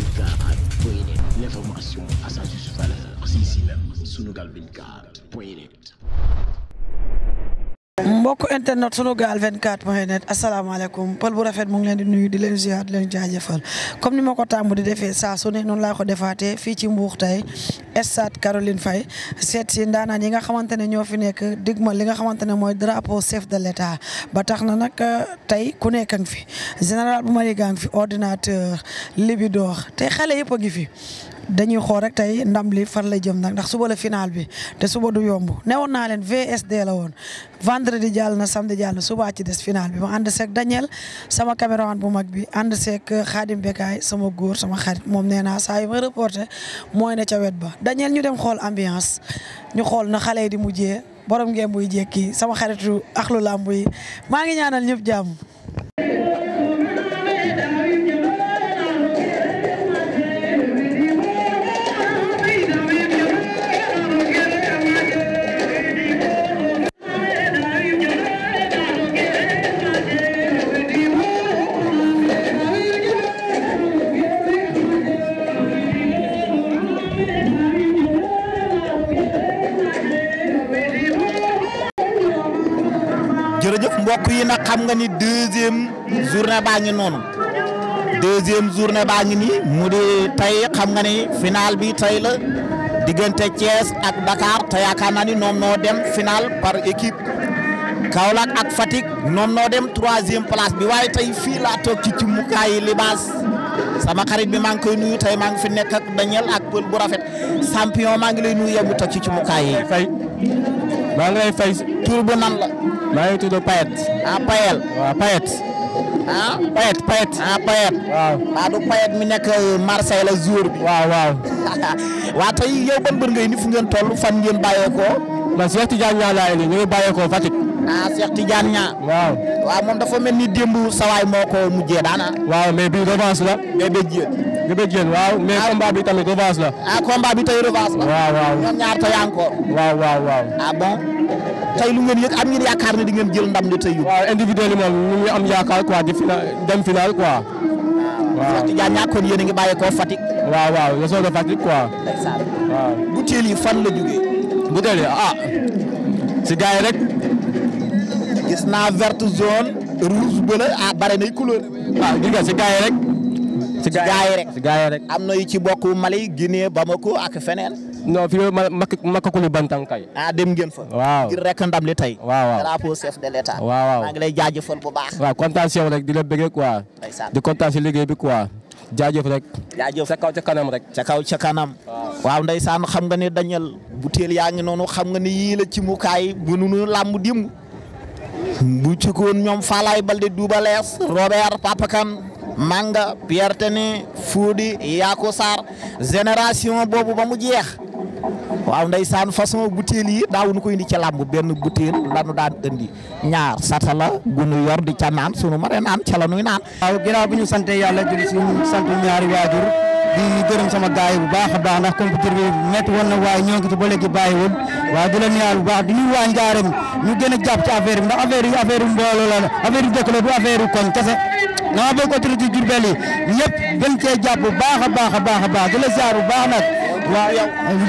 24 point net l'information à sa juste valeur point net mbokk internet asalaamaaleykum pël bu rafet mu ngi leen di nuyu di leen ziar leen jaajëfal comme ni ma ko tàmm di defee saa su noonu laa ko defaatee fii ci Mbuur tey stade Caroline fay seet si ndaanaan yi nga xamante ne ñoo fi nekk digma li nga xamante ne mooy drapeau chef de l'état ba tax na nag euh, tey ku nekk a fi général bu Mali gaa ngi fi ordinateur Libidor tey xale yëpp a ngi fi dañuy xool rek tey ndam li far la jëm nag ndax suba la final bi te suba du yomb newoon naa leen VSD la woon vendredi jàll na samedi jàll na suba ci des final bi ma ànd seeg Daniel sama caméraman bu mag bi ànd seeg Khadim Bekaay sama góor sama xarit moom nee naa saa yu ma mooy ne ca ba Daniel ñu dem xool ambiance ñu xool na xale yi di mujjee borom ngeen buy jekki sama xaritu axlu làmb yi maa ngi ñaanal ñëpp jàmm. jërëjëf mbokk yi nag xam nga ni deuxième journée baa ngi noonu deuxième journée baa ngi nii mu di tey xam nga ni final bi tey la diggante Thiès ak Dakar te yaakaar naa ni noon noo dem final par équipe Kaolack ak Fatick ñoom noo dem troisième place bi waaye tey fii laa toog ci ci mukaayi libaas sama xarit bi maa ngi koy tey maa ngi fi nekk ak ak pël bu rafet champion maa ngi lay nuyu yow mi toog ci ci mukaayi. maa ngi lay fay tur bu nan la. maa ngi tudd Payet. ah Payel. waaw Payet. Ah? Payet Payet. Ah, Payet. waaw ah, Payet mi nekk Marseille la jour bi. waaw waaw. waa tey yow ngay ni fu ngeen toll fan ngeen bàyyeekoo. man Cheikh Tidiane Niang laay ni ñu ngi bàyyeekoo Fatick. ah waaw. waaw dafa mel ni démb sawaay moo ko mujjee daana. waaw mais bii revanche la. mais ba jéem. ba jéem waaw mais bi tamit revanche la. ah combat bi tey revanche la. waaw ñaar tey encore. waaw waaw waaw. ah bon. tey lu ngeen yëg am ngeen yaakaar ne di ngeen jël ndam li tey yu waaw yi moom ñu am yaakaar quoi di final dem final quoi. waaw Cheikh Tidiane ñàkkoon yéen a ngi bàyyeekoo Fatick. waaw waaw région de Fatick quoi. waaw yi fan la jógee. butéel ah si gars rek. gis naa verte zone. rouge bleu ah bare nay couleur. ah gis nga si gars rek. si gars rek am na yu ci bokk Mali Guinée Bamako ak feneen. non fii ma makkakulu bantan kay. ah dem ngeen fa. waaw ngir rek ndam li tey. waaw waaw drapeau chef de l'état. waaw waaw maa ngi lay jaajëfal bu baax. waaw kontaan si yow rek di la bëggee quoi. di kontaan si liggéey bi quoi. jaajëf rek. jaajëf ca kaw ca kanam rek. ca kaw ca kanam. waaw ndeysaan xam nga ne dañal butéel yaa ngi noonu xam nga ne yii la ci mukaay bu nu làmb dimb. bu ci koon ñoom Faalaay Balde Duubalees Robert Papakan Manga Pierre Tene Fodi Yaako Sarr génération boobu ba mu jeex. waaw ndeysaan façon butéel yi daawuñu ko indi ci làmb benn butéel lanu daan indi ñaar sata la gunu yor di ca naan sunu mare naan ca la nuy naan. waaw ginnaaw bi ñu sant yàlla julli si sant ñaari waajur di gërëm sama gaay bu baax a baax ndax computer bi métti woon na waaye ñoo ngi ci ba léegi bàyyiwul waaye di a ñaar bu baax di ñu waa Njaareem ñu gën a jàpp ci affaire bi ndax affaire yi affaire yu mbooloo la affaire yu dëkk la du affaire yu kese dama bëgg a a a waa yow bu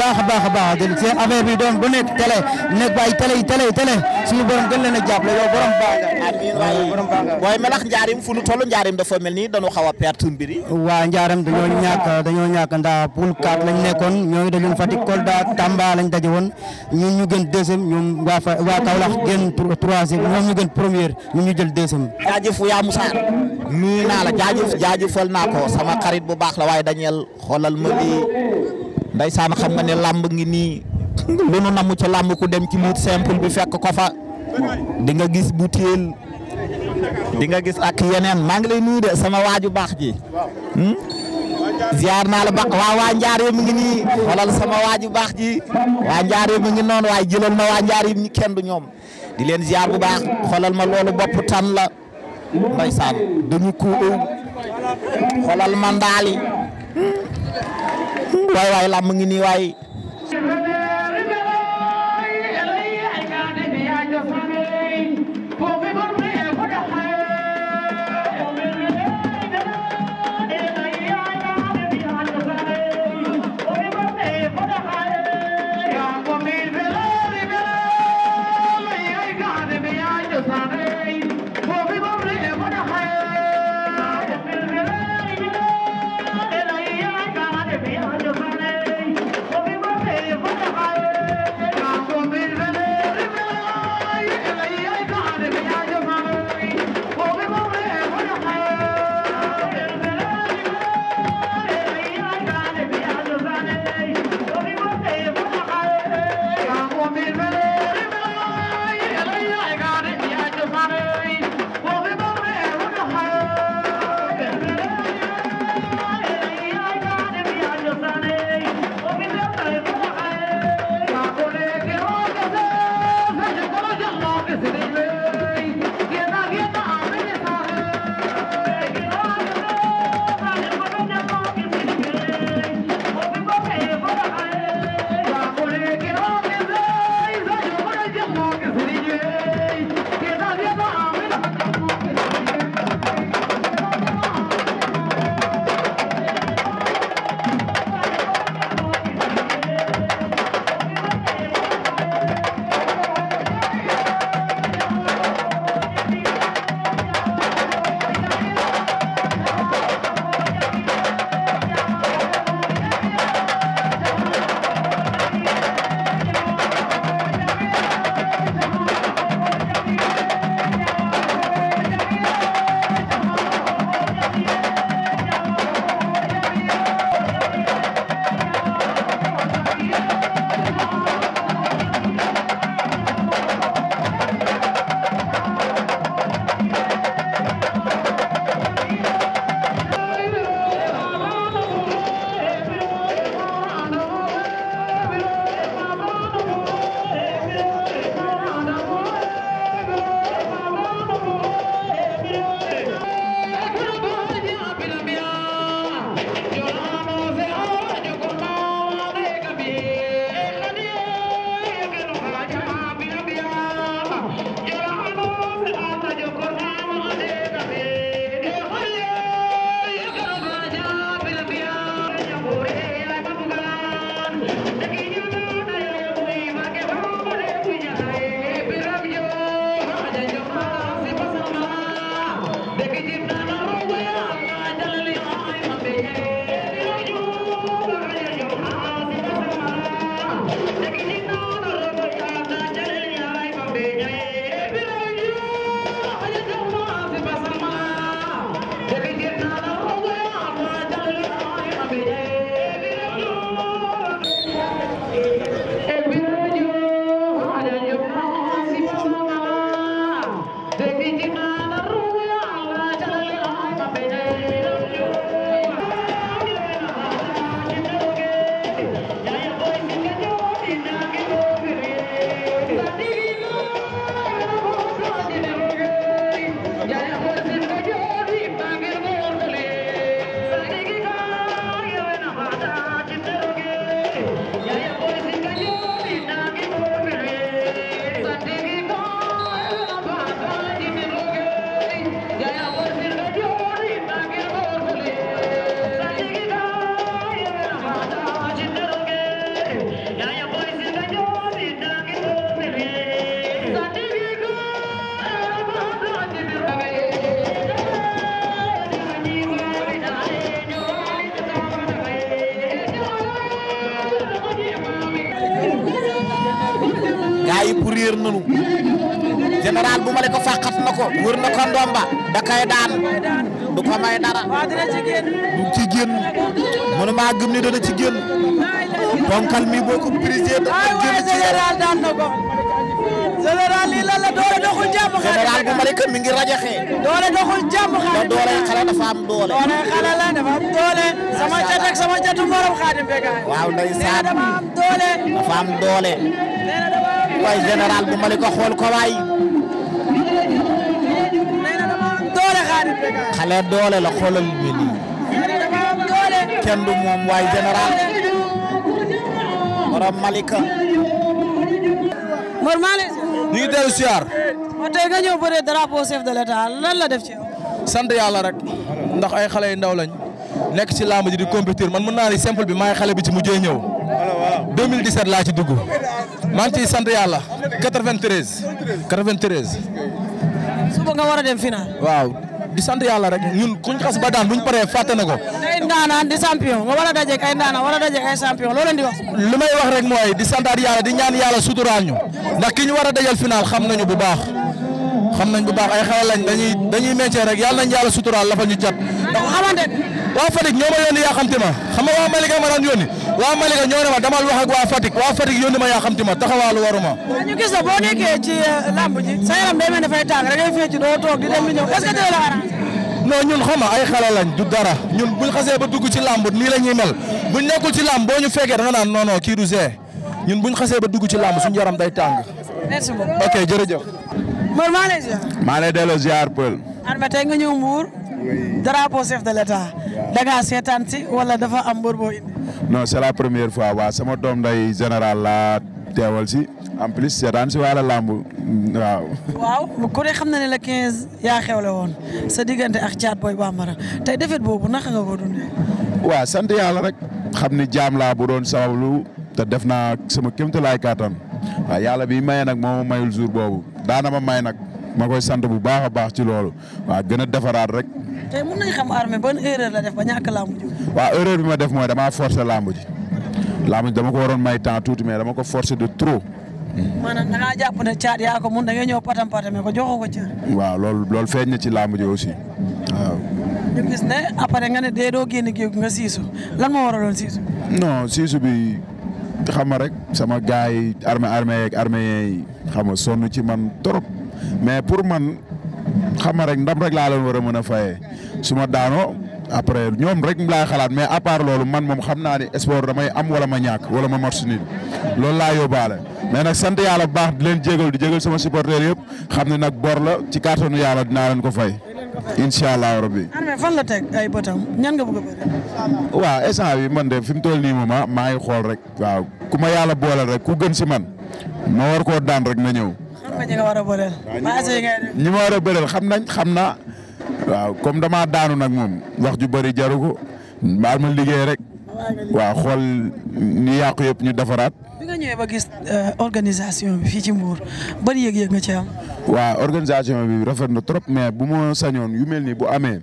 baax a baax a baax seen affaire bi doon ba ay télé yi télé yi télé suñu borom gën leen a jàppale yow borom dafa mel ni dañoo xaw a perte mbir yi. waaw njaarim dañoo ñàkk dañoo ñàkk ndax poul 4 lañ nekkoon ñoo ngi dajoon Fatick daa Tamba lañ daje woon ñun ñu gën deuxième ñoom waa Kaolack gën troisième ñoom ñu gën première ñun ñu jël deuxième. jaajëf yaa Moussa nuyu naa la jaajëf jaajëfal naa ko sama xarit bu baax la waaye dañeel xoolal ma lii ndeysaan xam nga ne làmb ngi nii lu nu namu ci làmb ku dem ci lutte simple bi fekk ko fa di gis butéel di nga gis ak yeneen maa ngi leen nuyu de sama waaju baax ji hmm? ziar naa la baax waa waa Njaareem mi ngi nii baax ji waa Njaareem mi ngi noonu waaye jëlal ma waa Njaareem ñi kenn du ñoom di leen ziar bu baax xoolal ma loolu bopp tan la. ndeysaan dañu ko xolal ma ndaali waay waay làmb ngi nii waay réer bu ma le ko fàqat na ko wër na ko da kay daan du ko may dara du ci génn mënu maa gëm ni dana ci génn ponkal mi boo ko brisé da génn ci daan na ko général lii doole doxul jàmm xale général bu Malika waaw ndeysaan dafa am doole dafa am doole waay général bu Malika xool ko waay. xale doole la xoolal bi nii. kenn du moom waay général. borom Malika. Mor Male. ñu ngi dellu siyaar. waaw tey drapeau chef de l'état lan la def ci yow. sant yàlla rek ndax ay xale yu ndaw lañ nekk ci laa ji di compétir man mën naa ni simple bi maay xale bi ci mujjee ñëw 2017 laa ci dugg maa ngi ciy sant yàlla. 93. 93. suba nga war a dem final. waaw di sant yàlla rek ñun ku kuñ xas ba daan buñ paree fàtte na ko. day ndaanaan di champion nga war a dajeeg ay ndaanaan war a dajeeg ay champion loo leen di wax. li may wax rek mooy di santaat yàlla di ñaan yàlla suturaal ñu ndax ki ñu war a dajal final xam ñu bu baax. xam nañ bu baax ay xale lañ dañuy dañuy métier rek yàlla nañ yàlla suturaal la fa ñu cat. waa Fatick ñoo ma yónni yaa xam te ma xam nga waa Malika ma daan yónni waa Malika ñoo ne ma damal wax ak waa Fatick waa Fatick yónni ma yaa xam te ma taxawaalu waruma. ñu gis la boo ci euh, lamb ji sa yaram day mel dafay tàng doo toog di dem di ñëw est-ce que du dara ñun buñ xasee ba dugg ci lamb nii la ñuy mel buñ nekku ci lamb boo ñu fekkee da nga naan non non see ñun buñ xasee ba dugg ci lamb suñu yaram day tàng. merci beaucoup ok jërëjëf. Mor maa ngi lay ziar. drapeau chef de l'état da seetaan ci wala dafa am mbër boo indi. c'est la première fois waaw sama doom day général laa teewal si en plus seetaan si wàllu làmb waaw. waaw ku ne xam na ne la 15 yaa woon sa diggante ak caat booy bambara tey defet boobu naka nga ko dundee. waaw sant yàlla rek xam ni jaam laa bu doon sabablu te def naa sama kéemtalaay kàttan waaw yàlla bi maye nag moo ma mayul jour boobu daana ma may nag ma koy sant bu baax a baax ci loolu waaw gën a tey mën nañ xam armée ban erreur la def ba ñàkk làmb ji. waaw bi ma def mooy damaa forcer làmb ji làmb ji dama ko waroon may temps tuuti mais dama ko forcer de trop. maanaam na ngaa jàpp ne caat yaa ko mun da nga ñëw patam patame ko joxoo ko cër. waaw lool loolu feeñ na ci làmb ji aussi waaw. ñu gis ne après nga ne dee doo génn géej nga siisu lan moo waraloon siisu. non siisu bi xam nga rek sama gars yi armée armée yeeg armée yi xam nga sonn ci man trop mais pour man. xam nga rek ndam rek laa leen war a mën a fayee suma ma daanoo après ñoom rek laay xalaat mais à part loolu man moom xam naa ne sport damay am wala ma ñàkk wala ma match nul loolu laa yóbbaale. mais nag sant yàlla bu baax leen jégal di jégal sama supporteur xam ne nag bor la ci kàttanu yàlla dinaa leen ko fay. incha allah rabbi. Armé fan la teg ay bëtam ñan nga bëgg a bëgg. man de fi mu toll nii moom ah, maa ngi xool rek. waaw ku ma yàlla booleel rek ku gën si man ma war koo daan rek na ñëw. nga ñi nga war a ma war a bëreel xam na xam naa. waaw comme dama daanu nag moom wax ju bari jaru ko baal ma liggéey rek. waaw xool ni yàqu yëpp ñu defaraat. bi gis euh, organisation bi fii ci Mbour ban yég yëg nga ci am. waaw organisation bi rafet na trop mais bu ma sañoon yu mel nii bu amee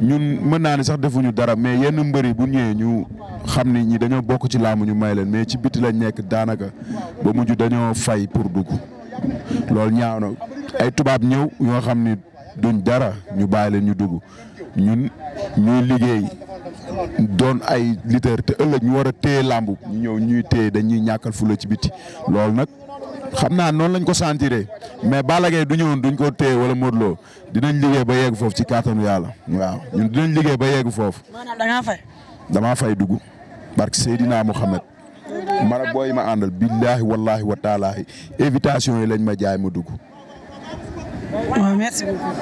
ñun mën naa ni sax defuñu dara mais yenn mbëri bu ñëwee ñu xam ni ñi dañoo bokk ci laamu ñu may leen mais ci biti lañ nekk daanaka ba mujj dañoo fay pour dugg. loolu ñaaw na ay tubaab ñëw yoo xam ni duñ dara ñu bàyyi leen ñu dugg ñun ñuy liggéey doon ay leader te ëllëg ñu war a téye làmb ñu ñëw ñuy téye dañuy ñàkkal fula ci biti loolu nag xam naa noonu lañ ko sentiré mais Balla Gaye du ñëwoon duñ ko téye wala Modou Lo dinañ liggéey ba yeeg foofu ci kàttanu yàlla waaw ñun dinañ liggéey ba yegg foofu. maanaam da ngaa fay. damaa fay dugg barke Seydina Mohamed. man ak booy ma àndal billaahi wallaahi wa taalaahi invitation yi lañ ma jaay ma dugg.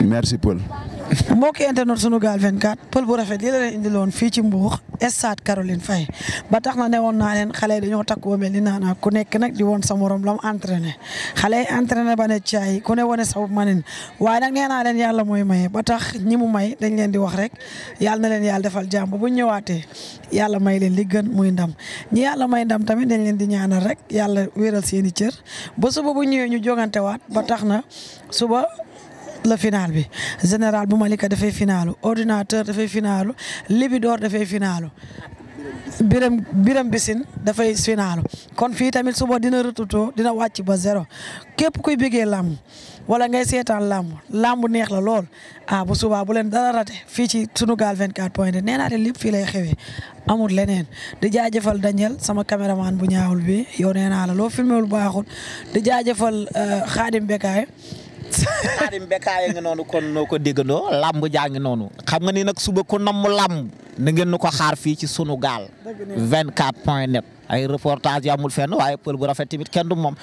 merci beaucoup. mbokki internet Sunugal 24 pël bu rafet lii la leen indiloon fii ci Mbour stade Caroline Faye ba tax na ne woon naa leen xale dañoo takk ba mel ni naanaa ku nekk nag di woon sa morom la mu entraîné xale yi entraîné ba ne caay ku ne wane sabu manin waaye nag nee naa leen yàlla mooy maye ba tax ñi mu may dañ leen di wax rek yàlla na leen yàlla defal jàmm bu ñëwaatee yàlla may leen li gën muy ndam ñi yàlla may ndam tamit dañ leen di ñaanal rek yàlla wéeral seen i cër ba suba bu ñëwee ñu jogante waat ba tax na suba la final bi général bu Malika dafay finalu ordinateur dafay finalu Libidor dafay finalu biram biram bisin dafay finalu kon fii tamit suba dina rëtutoo dina wàcc ba zéro képp kuy bëggee làmb wala ngay seetaan làmb làmb neex la lool ah bu subaa bu leen dara rate fii ci Sunugal 24 point net nee naa leen lépp fii lay xewee amul leneen di jaajëfal Daniel sama caméraman bu ñaawul bi yow nee la loo filmé wul baaxul di jaajëfal Xaadim euh, Xaadim Bekkaay nga noonu kon noo ko déggandoo làmb jaa ngi noonu xam nga ni nag suba ku namm làmb na ngeen nu ko xaar fii ci sunu gaal 24 point net ay reportage yu amul fenn waaye pël bu rafet tamit kenn du moom